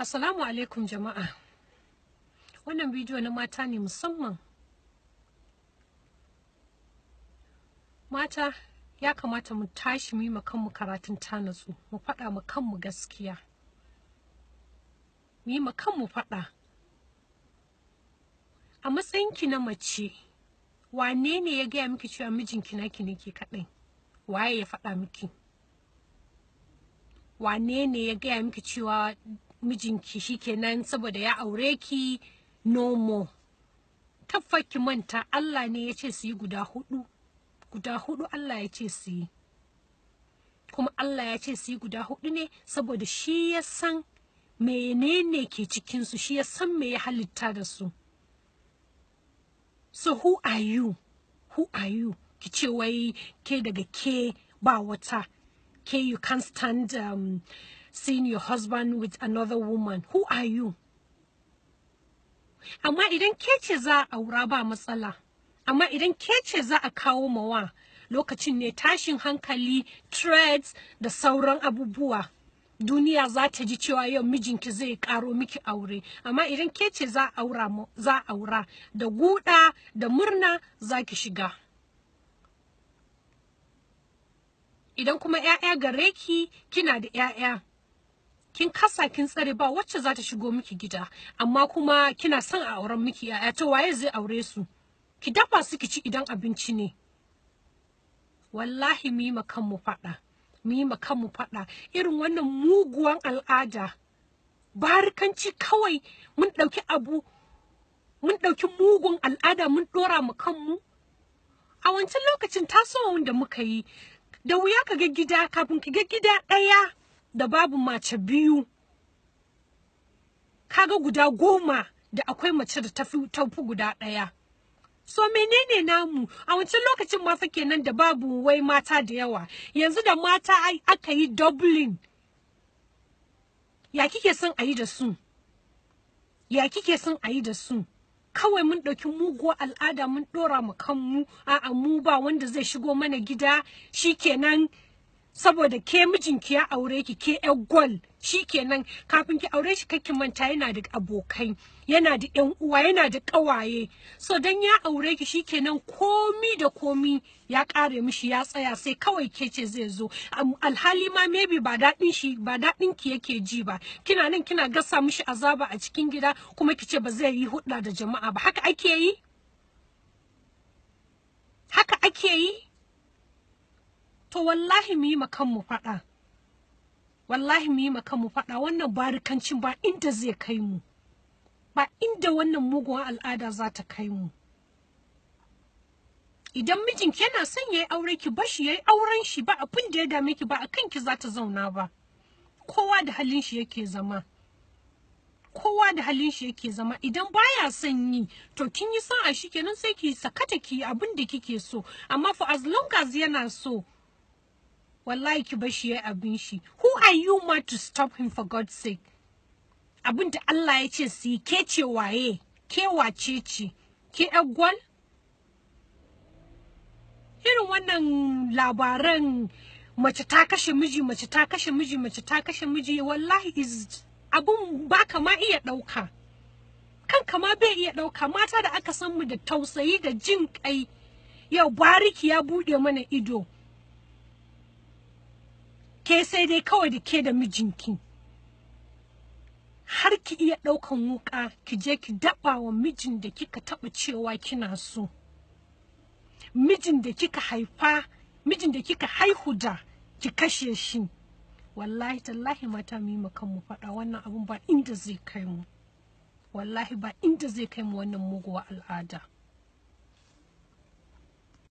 Assalamu alaikum jama'a. Wannan bidiyo na mata ne musamman. Mata ya kamata mu tashi mu yi ma kanmu karatun tanatsu, mu faɗa ma kanmu gaskiya. Mu yi ma kanmu faɗa. A matsayinki na mace, wane ne ya gaya miki cewa mijinki naki ne ke kaɗai? Waye ya faɗa miki? Wane ne ya gaya miki cewa mijinki shi shikenan saboda ya aure ki no more ki manta Allah ne ya ce su yi guda hudu guda hudu Allah ya ce su yi kuma Allah ya ce su yi guda hudu ne saboda shi ya san menene ke cikin su shi ya san me ya halitta da su so who are you who are you ki ce wai ke daga ke ba wata ke you can't stand um, seeing your husband with another woman who are you amma idan ke ce za a aura ba matsala amma idan ke ce za a kawo mawa lokacin ne tashin hankali threads da sauran abubuwa duniya za ta ji cewa yau mijinki zai karo miki aure amma idan ke ce za aura za aura da guda da murna za ki shiga idan kuma 'ya'ya gare ki kina da 'ya'ya kin kasa kin tsare ba wacce za ta shigo miki gida amma kuma kina son a auren miki yaya ta waye zai aure su ki dafa su ki ci idan abinci ne wallahi mu yi kanmu faɗa mu yi kanmu faɗa irin wannan muguwan al'ada barikanci kawai mun ɗauki abu mun ɗauki mugun al'ada mun ɗora mu kanmu a wancan lokacin tasowar da muka yi da wuya ka ga gida kafin ka ga gida ɗaya da babu mace biyu kaga guda goma da akwai mace da tafi taufi guda ɗaya so menene namu a wancan lokacin ma kenan da babu wai mata da yawa yanzu da mata aka yi dublin ya kike son a yi da su ya kike son a yi da su kawai mun ɗauki muguwar al'ada mun ɗora mu kanmu a'a mu ba wanda zai shigo mana gida shi shikenan saboda ke mijinki ya aure ki ke yar shi kenan kafin ki aure shi kake manta yana da abokai yana da yan uwa yana da ƙawaye. so dan ya aure ki shikenan komi da komi ya kare mishi ya tsaya sai kawai ke ce zai zo alhali ma maybe ba dadin shi ba dadin ki yake ji ba kina nan kina gasa mishi azaba a cikin gida kuma ki ce ba zai yi hudda da jama'a ba haka ake yi haka ake yi to wallahi mu yi kanmu faɗa wallahi mu yi kanmu faɗa wannan barikancin ba inda zai kai mu ba inda wannan muguwar al'ada za ta kai mu idan mijin yana son yayi aure ki bashi yayi auren shi ba abin da ya dame ki ba a kanki za ta zauna ba kowa da halin shi yake zama kowa da halin shi yake zama idan baya son yi to kin yi sa'a kenan sai ki sakata ki abin da kike so amma for as long as yana so wallahi ki bashi ya abin shi who are you ma to stop him for god's sake abin da Allah ya ce su ke ce waye ke wace ce ke gwal irin wannan labaran mace ta kashe miji mace ta kashe miji mace ta kashe miji wallahi is abun ba ka ma iya ɗauka kanka ma bai iya ɗauka mata da aka san mu da tausayi da jin kai yau bariki ya buɗe mana ido ke sai dai kawai da ke da mijinki har ki iya ɗaukan wuƙa ki je ki daba wa mijin da kika taɓa cewa kina so mijin da kika haifa mijin da kika haihu da ki kashe shi wallahi tallahi mata mu yi mu faɗa wannan abun ba inda zai kai mu wallahi ba inda zai kai mu wannan muguwa al'ada